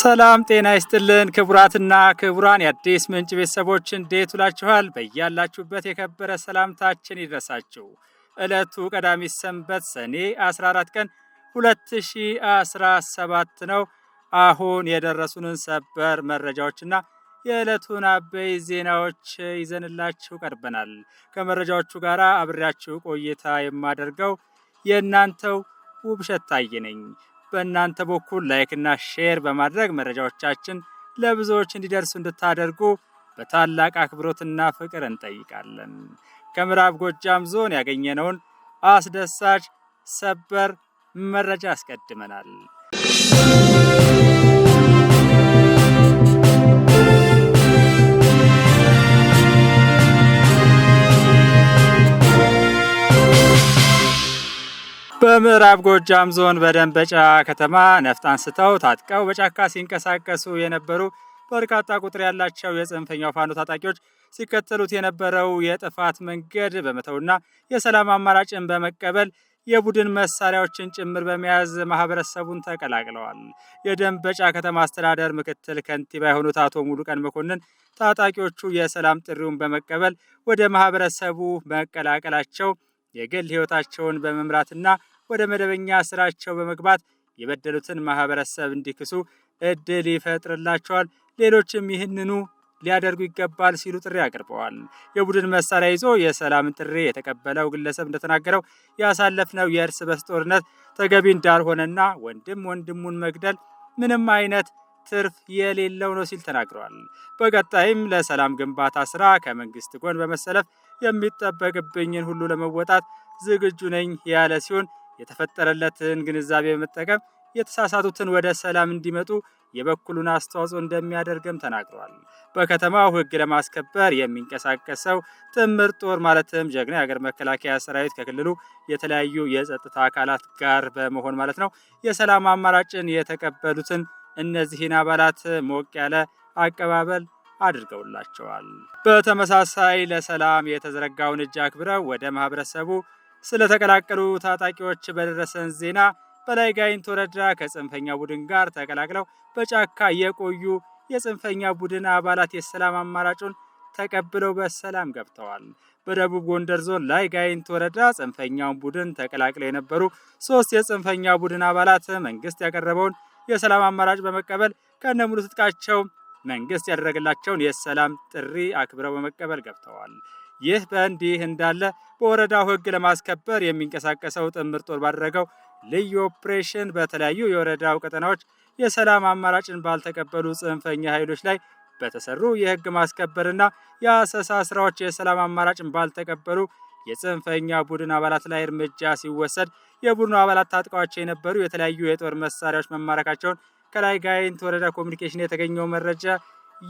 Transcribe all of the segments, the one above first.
ሰላም ጤና ይስጥልን ክቡራትና ክቡራን የአዲስ ምንጭ ቤተሰቦች እንዴት ውላችኋል? በያላችሁበት የከበረ ሰላምታችን ይድረሳችሁ። ዕለቱ ቀዳሚ ሰንበት ሰኔ 14 ቀን 2017 ነው። አሁን የደረሱንን ሰበር መረጃዎችና የዕለቱን አበይ ዜናዎች ይዘንላችሁ ቀርበናል። ከመረጃዎቹ ጋር አብሬያችሁ ቆይታ የማደርገው የእናንተው ውብሸት ታዬ ነኝ። በእናንተ በኩል ላይክና ሼር በማድረግ መረጃዎቻችን ለብዙዎች እንዲደርሱ እንድታደርጉ በታላቅ አክብሮትና ፍቅር እንጠይቃለን። ከምዕራብ ጎጃም ዞን ያገኘነውን አስደሳች ሰበር መረጃ አስቀድመናል። በምዕራብ ጎጃም ዞን በደንበጫ ከተማ ነፍጥ አንስተው ታጥቀው በጫካ ሲንቀሳቀሱ የነበሩ በርካታ ቁጥር ያላቸው የጽንፈኛው ፋኖ ታጣቂዎች ሲከተሉት የነበረው የጥፋት መንገድ በመተውና የሰላም አማራጭን በመቀበል የቡድን መሳሪያዎችን ጭምር በመያዝ ማህበረሰቡን ተቀላቅለዋል። የደንበጫ ከተማ አስተዳደር ምክትል ከንቲባ የሆኑት አቶ ሙሉቀን መኮንን ታጣቂዎቹ የሰላም ጥሪውን በመቀበል ወደ ማህበረሰቡ መቀላቀላቸው የግል ህይወታቸውን በመምራትና ወደ መደበኛ ስራቸው በመግባት የበደሉትን ማህበረሰብ እንዲክሱ እድል ይፈጥርላቸዋል። ሌሎችም ይህንኑ ሊያደርጉ ይገባል ሲሉ ጥሪ አቅርበዋል። የቡድን መሳሪያ ይዞ የሰላምን ጥሪ የተቀበለው ግለሰብ እንደተናገረው ያሳለፍነው የእርስ በርስ ጦርነት ተገቢ እንዳልሆነና ወንድም ወንድሙን መግደል ምንም አይነት ትርፍ የሌለው ነው ሲል ተናግረዋል። በቀጣይም ለሰላም ግንባታ ስራ ከመንግስት ጎን በመሰለፍ የሚጠበቅብኝን ሁሉ ለመወጣት ዝግጁ ነኝ ያለ ሲሆን የተፈጠረለትን ግንዛቤ በመጠቀም የተሳሳቱትን ወደ ሰላም እንዲመጡ የበኩሉን አስተዋጽኦ እንደሚያደርግም ተናግረዋል። በከተማው ሕግ ለማስከበር የሚንቀሳቀሰው ጥምር ጦር ማለትም ጀግና የሀገር መከላከያ ሰራዊት ከክልሉ የተለያዩ የጸጥታ አካላት ጋር በመሆን ማለት ነው የሰላም አማራጭን የተቀበሉትን እነዚህን አባላት ሞቅ ያለ አቀባበል አድርገውላቸዋል። በተመሳሳይ ለሰላም የተዘረጋውን እጅ አክብረው ወደ ማህበረሰቡ ስለተቀላቀሉ ታጣቂዎች በደረሰን ዜና በላይ ጋይንት ወረዳ ከጽንፈኛ ቡድን ጋር ተቀላቅለው በጫካ የቆዩ የጽንፈኛ ቡድን አባላት የሰላም አማራጩን ተቀብለው በሰላም ገብተዋል። በደቡብ ጎንደር ዞን ላይ ጋይንት ወረዳ ጽንፈኛውን ቡድን ተቀላቅለው የነበሩ ሶስት የጽንፈኛ ቡድን አባላት መንግስት ያቀረበውን የሰላም አማራጭ በመቀበል ሙሉ ትጥቃቸው መንግስት ያደረገላቸውን የሰላም ጥሪ አክብረው በመቀበል ገብተዋል። ይህ በእንዲህ እንዳለ በወረዳው ህግ ለማስከበር የሚንቀሳቀሰው ጥምር ጦር ባደረገው ልዩ ኦፕሬሽን በተለያዩ የወረዳው ቀጠናዎች የሰላም አማራጭን ባልተቀበሉ ጽንፈኛ ኃይሎች ላይ በተሰሩ የህግ ማስከበርና የአሰሳ ስራዎች የሰላም አማራጭን ባልተቀበሉ የጽንፈኛ ቡድን አባላት ላይ እርምጃ ሲወሰድ የቡድኑ አባላት ታጥቀዋቸው የነበሩ የተለያዩ የጦር መሳሪያዎች መማረካቸውን ከላይ ጋይንት ወረዳ ኮሚኒኬሽን የተገኘው መረጃ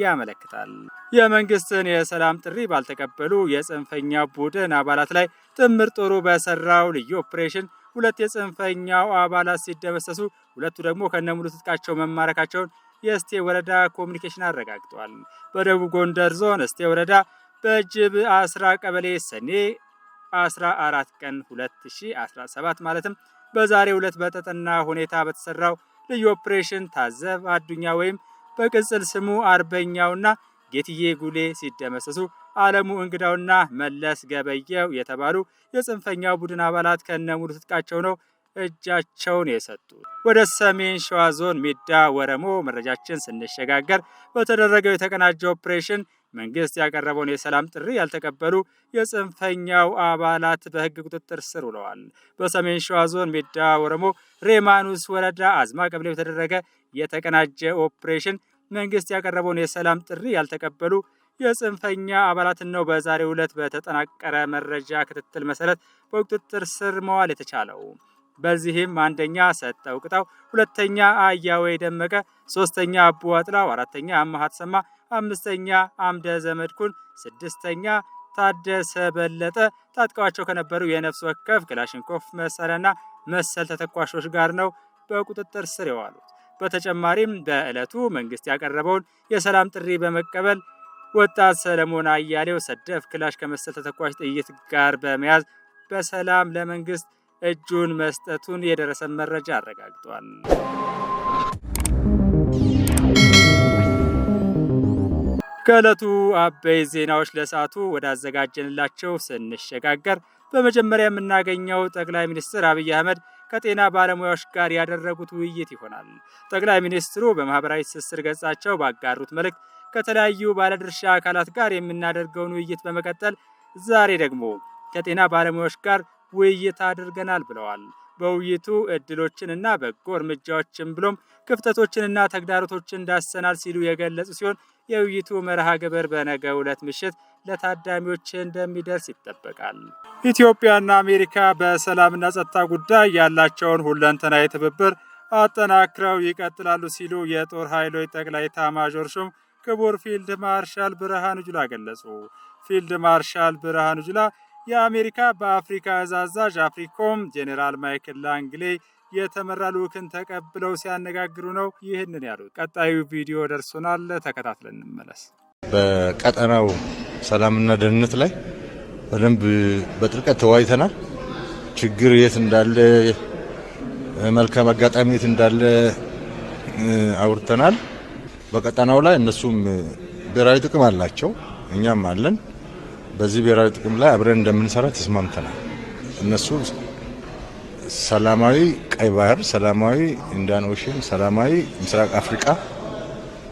ያመለክታል። የመንግስትን የሰላም ጥሪ ባልተቀበሉ የጽንፈኛ ቡድን አባላት ላይ ጥምር ጦሩ በሰራው ልዩ ኦፕሬሽን ሁለት የጽንፈኛው አባላት ሲደመሰሱ ሁለቱ ደግሞ ከነሙሉ ትጥቃቸው መማረካቸውን የእስቴ ወረዳ ኮሚኒኬሽን አረጋግጧል። በደቡብ ጎንደር ዞን እስቴ ወረዳ በጅብ አስራ ቀበሌ ሰኔ 14 ቀን 2017 ማለትም በዛሬ ሁለት በተጠና ሁኔታ በተሰራው ልዩ ኦፕሬሽን ታዘብ አዱኛ ወይም በቅጽል ስሙ አርበኛውና ጌትዬ ጉሌ ሲደመሰሱ አለሙ እንግዳውና መለስ ገበየው የተባሉ የጽንፈኛው ቡድን አባላት ከነሙሉ ትጥቃቸው ነው እጃቸውን የሰጡት። ወደ ሰሜን ሸዋ ዞን ሚዳ ወረሞ መረጃችን ስንሸጋገር በተደረገው የተቀናጀ ኦፕሬሽን መንግስት ያቀረበውን የሰላም ጥሪ ያልተቀበሉ የጽንፈኛው አባላት በህግ ቁጥጥር ስር ውለዋል። በሰሜን ሸዋ ዞን ሜዳ ወረሞ ሬማኑስ ወረዳ አዝማ ቀብሌ በተደረገ የተቀናጀ ኦፕሬሽን መንግስት ያቀረበውን የሰላም ጥሪ ያልተቀበሉ የጽንፈኛ አባላትን ነው በዛሬው ዕለት በተጠናቀረ መረጃ ክትትል መሰረት በቁጥጥር ስር መዋል የተቻለው። በዚህም አንደኛ ሰጠው ቅጣው፣ ሁለተኛ አያወይ ደመቀ፣ ሶስተኛ አቡ አጥላው፣ አራተኛ አማሃት ሰማ አምስተኛ አምደ ዘመድኩን፣ ስድስተኛ ታደሰ በለጠ ታጥቀዋቸው ከነበሩ የነፍስ ወከፍ ክላሽንኮፍ መሳሪያና መሰል ተተኳሾች ጋር ነው በቁጥጥር ስር የዋሉት። በተጨማሪም በዕለቱ መንግስት ያቀረበውን የሰላም ጥሪ በመቀበል ወጣት ሰለሞን አያሌው ሰደፍ ክላሽ ከመሰል ተተኳሽ ጥይት ጋር በመያዝ በሰላም ለመንግስት እጁን መስጠቱን የደረሰ መረጃ አረጋግጧል። ከዕለቱ አበይ ዜናዎች ለሰዓቱ ወዳዘጋጀንላቸው ስንሸጋገር በመጀመሪያ የምናገኘው ጠቅላይ ሚኒስትር አብይ አህመድ ከጤና ባለሙያዎች ጋር ያደረጉት ውይይት ይሆናል። ጠቅላይ ሚኒስትሩ በማህበራዊ ትስስር ገጻቸው ባጋሩት መልእክት ከተለያዩ ባለድርሻ አካላት ጋር የምናደርገውን ውይይት በመቀጠል ዛሬ ደግሞ ከጤና ባለሙያዎች ጋር ውይይት አድርገናል ብለዋል። በውይይቱ እድሎችንና በጎ እርምጃዎችን ብሎም ክፍተቶችንና ተግዳሮቶችን ዳሰናል ሲሉ የገለጹ ሲሆን የውይይቱ መርሃ ግብር በነገ ዕለት ምሽት ለታዳሚዎች እንደሚደርስ ይጠበቃል። ኢትዮጵያና አሜሪካ በሰላምና ጸጥታ ጉዳይ ያላቸውን ሁለንተናዊ ትብብር አጠናክረው ይቀጥላሉ ሲሉ የጦር ኃይሎች ጠቅላይ ኤታማዦር ሹም ክቡር ፊልድ ማርሻል ብርሃኑ ጁላ ገለጹ። ፊልድ ማርሻል ብርሃኑ ጁላ የአሜሪካ በአፍሪካ እዝ አዛዥ አፍሪኮም ጄኔራል ማይክል ላንግሌ የተመራ ልዑክን ተቀብለው ሲያነጋግሩ ነው ይህንን ያሉት። ቀጣዩ ቪዲዮ ደርሶናል፣ ተከታትለን እንመለስ። በቀጠናው ሰላምና ደህንነት ላይ በደንብ በጥልቀት ተወያይተናል። ችግር የት እንዳለ፣ መልካም አጋጣሚ የት እንዳለ አውርተናል። በቀጠናው ላይ እነሱም ብሔራዊ ጥቅም አላቸው፣ እኛም አለን። በዚህ ብሔራዊ ጥቅም ላይ አብረን እንደምንሰራ ተስማምተናል። እነሱ ሰላማዊ ቀይ ባህር፣ ሰላማዊ ኢንዲያን ኦሽን፣ ሰላማዊ ምስራቅ አፍሪቃ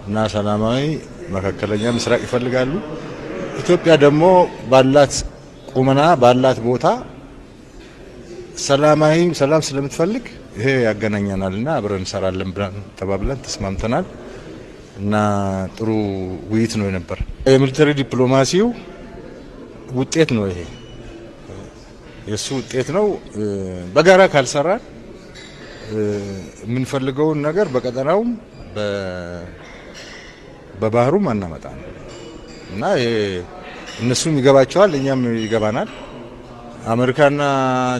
እና ሰላማዊ መካከለኛ ምስራቅ ይፈልጋሉ። ኢትዮጵያ ደግሞ ባላት ቁመና ባላት ቦታ ሰላማዊ ሰላም ስለምትፈልግ ይሄ ያገናኘናል እና አብረን እንሰራለን ብለን ተባብለን ተስማምተናል እና ጥሩ ውይይት ነው የነበር። የሚሊተሪ ዲፕሎማሲው ውጤት ነው። ይሄ የእሱ ውጤት ነው። በጋራ ካልሰራን የምንፈልገውን ነገር በቀጠናውም በባህሩም አናመጣ ነው እና እነሱም ይገባቸዋል፣ እኛም ይገባናል። አሜሪካና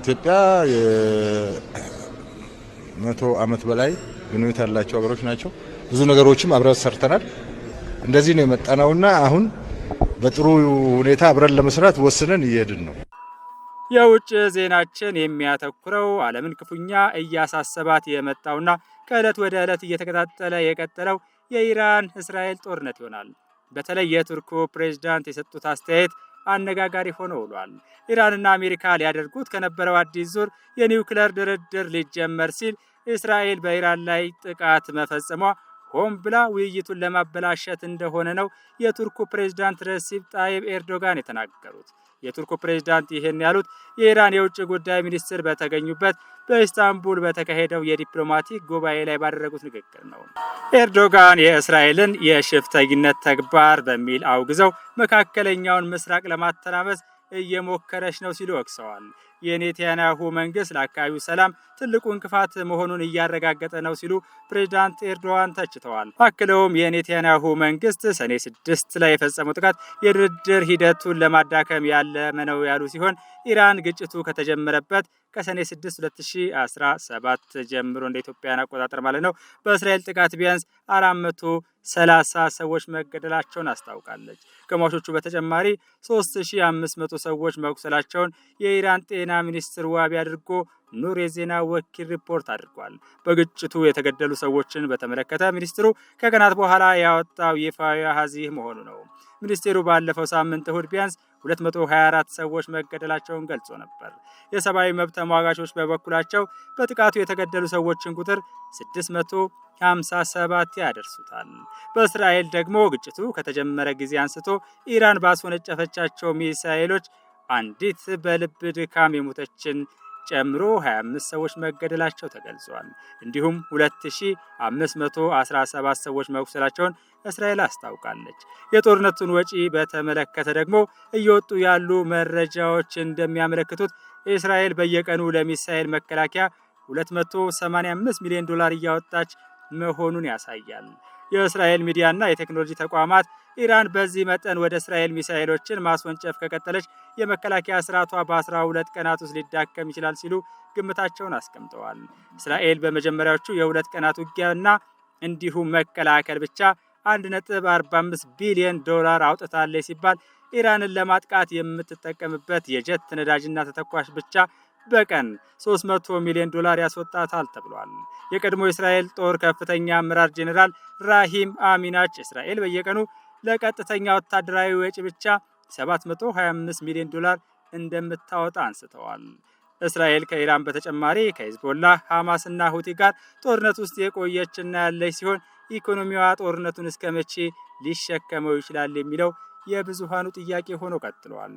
ኢትዮጵያ የመቶ ዓመት በላይ ግንኙነት ያላቸው ሀገሮች ናቸው። ብዙ ነገሮችም አብረን ሰርተናል። እንደዚህ ነው የመጣነውና አሁን በጥሩ ሁኔታ አብረን ለመስራት ወስነን እየሄድን ነው። የውጭ ዜናችን የሚያተኩረው ዓለምን ክፉኛ እያሳሰባት የመጣውና ከዕለት ወደ ዕለት እየተቀጣጠለ የቀጠለው የኢራን እስራኤል ጦርነት ይሆናል። በተለይ የቱርኩ ፕሬዝዳንት የሰጡት አስተያየት አነጋጋሪ ሆኖ ውሏል። ኢራንና አሜሪካ ሊያደርጉት ከነበረው አዲስ ዙር የኒውክለር ድርድር ሊጀመር ሲል እስራኤል በኢራን ላይ ጥቃት መፈጸሟ ሆን ብላ ውይይቱን ለማበላሸት እንደሆነ ነው የቱርኩ ፕሬዝዳንት ረሲፕ ጣይብ ኤርዶጋን የተናገሩት። የቱርኩ ፕሬዝዳንት ይህን ያሉት የኢራን የውጭ ጉዳይ ሚኒስትር በተገኙበት በኢስታንቡል በተካሄደው የዲፕሎማቲክ ጉባኤ ላይ ባደረጉት ንግግር ነው። ኤርዶጋን የእስራኤልን የሽፍተኝነት ተግባር በሚል አውግዘው መካከለኛውን ምስራቅ ለማተራመስ እየሞከረች ነው ሲሉ ወቅሰዋል። የኔታንያሁ መንግስት ለአካባቢው ሰላም ትልቁ እንቅፋት መሆኑን እያረጋገጠ ነው ሲሉ ፕሬዚዳንት ኤርዶዋን ተችተዋል። አክለውም የኔታንያሁ መንግስት ሰኔ ስድስት ላይ የፈጸመው ጥቃት የድርድር ሂደቱን ለማዳከም ያለመ ነው ያሉ ሲሆን ኢራን ግጭቱ ከተጀመረበት ከሰኔ 6 2017 ጀምሮ እንደ ኢትዮጵያን አቆጣጠር ማለት ነው በእስራኤል ጥቃት ቢያንስ 430 ሰዎች መገደላቸውን አስታውቃለች። ከሟቾቹ በተጨማሪ 3500 ሰዎች መቁሰላቸውን የኢራን ጤና ሚኒስትር ዋቢ አድርጎ ኑር የዜና ወኪል ሪፖርት አድርጓል። በግጭቱ የተገደሉ ሰዎችን በተመለከተ ሚኒስትሩ ከቀናት በኋላ ያወጣው ይፋዊ አሃዝ ይህ መሆኑ ነው። ሚኒስቴሩ ባለፈው ሳምንት እሁድ ቢያንስ 224 ሰዎች መገደላቸውን ገልጾ ነበር። የሰብአዊ መብት ተሟጋቾች በበኩላቸው በጥቃቱ የተገደሉ ሰዎችን ቁጥር 657 ያደርሱታል። በእስራኤል ደግሞ ግጭቱ ከተጀመረ ጊዜ አንስቶ ኢራን ባስወነጨፈቻቸው ሚሳኤሎች አንዲት በልብ ድካም የሞተችን ጨምሮ 25 ሰዎች መገደላቸው ተገልጿል። እንዲሁም 2517 ሰዎች መቁሰላቸውን እስራኤል አስታውቃለች። የጦርነቱን ወጪ በተመለከተ ደግሞ እየወጡ ያሉ መረጃዎች እንደሚያመለክቱት እስራኤል በየቀኑ ለሚሳኤል መከላከያ 285 ሚሊዮን ዶላር እያወጣች መሆኑን ያሳያል። የእስራኤል ሚዲያና የቴክኖሎጂ ተቋማት ኢራን በዚህ መጠን ወደ እስራኤል ሚሳኤሎችን ማስወንጨፍ ከቀጠለች የመከላከያ ስርዓቷ በ12 ቀናት ውስጥ ሊዳከም ይችላል ሲሉ ግምታቸውን አስቀምጠዋል። እስራኤል በመጀመሪያዎቹ የሁለት ቀናት ውጊያና እንዲሁም መከላከል ብቻ 1.45 ቢሊዮን ዶላር አውጥታለች ሲባል ኢራንን ለማጥቃት የምትጠቀምበት የጀት ነዳጅና ተተኳሽ ብቻ በቀን 300 ሚሊዮን ዶላር ያስወጣታል ተብሏል። የቀድሞ የእስራኤል ጦር ከፍተኛ አመራር ጄኔራል ራሂም አሚናች እስራኤል በየቀኑ ለቀጥተኛ ወታደራዊ ወጪ ብቻ 725 ሚሊዮን ዶላር እንደምታወጣ አንስተዋል። እስራኤል ከኢራን በተጨማሪ ከሂዝቦላ፣ ሐማስ እና ሁቲ ጋር ጦርነት ውስጥ የቆየችና ያለች ሲሆን ኢኮኖሚዋ ጦርነቱን እስከ መቼ ሊሸከመው ይችላል የሚለው የብዙሃኑ ጥያቄ ሆኖ ቀጥሏል።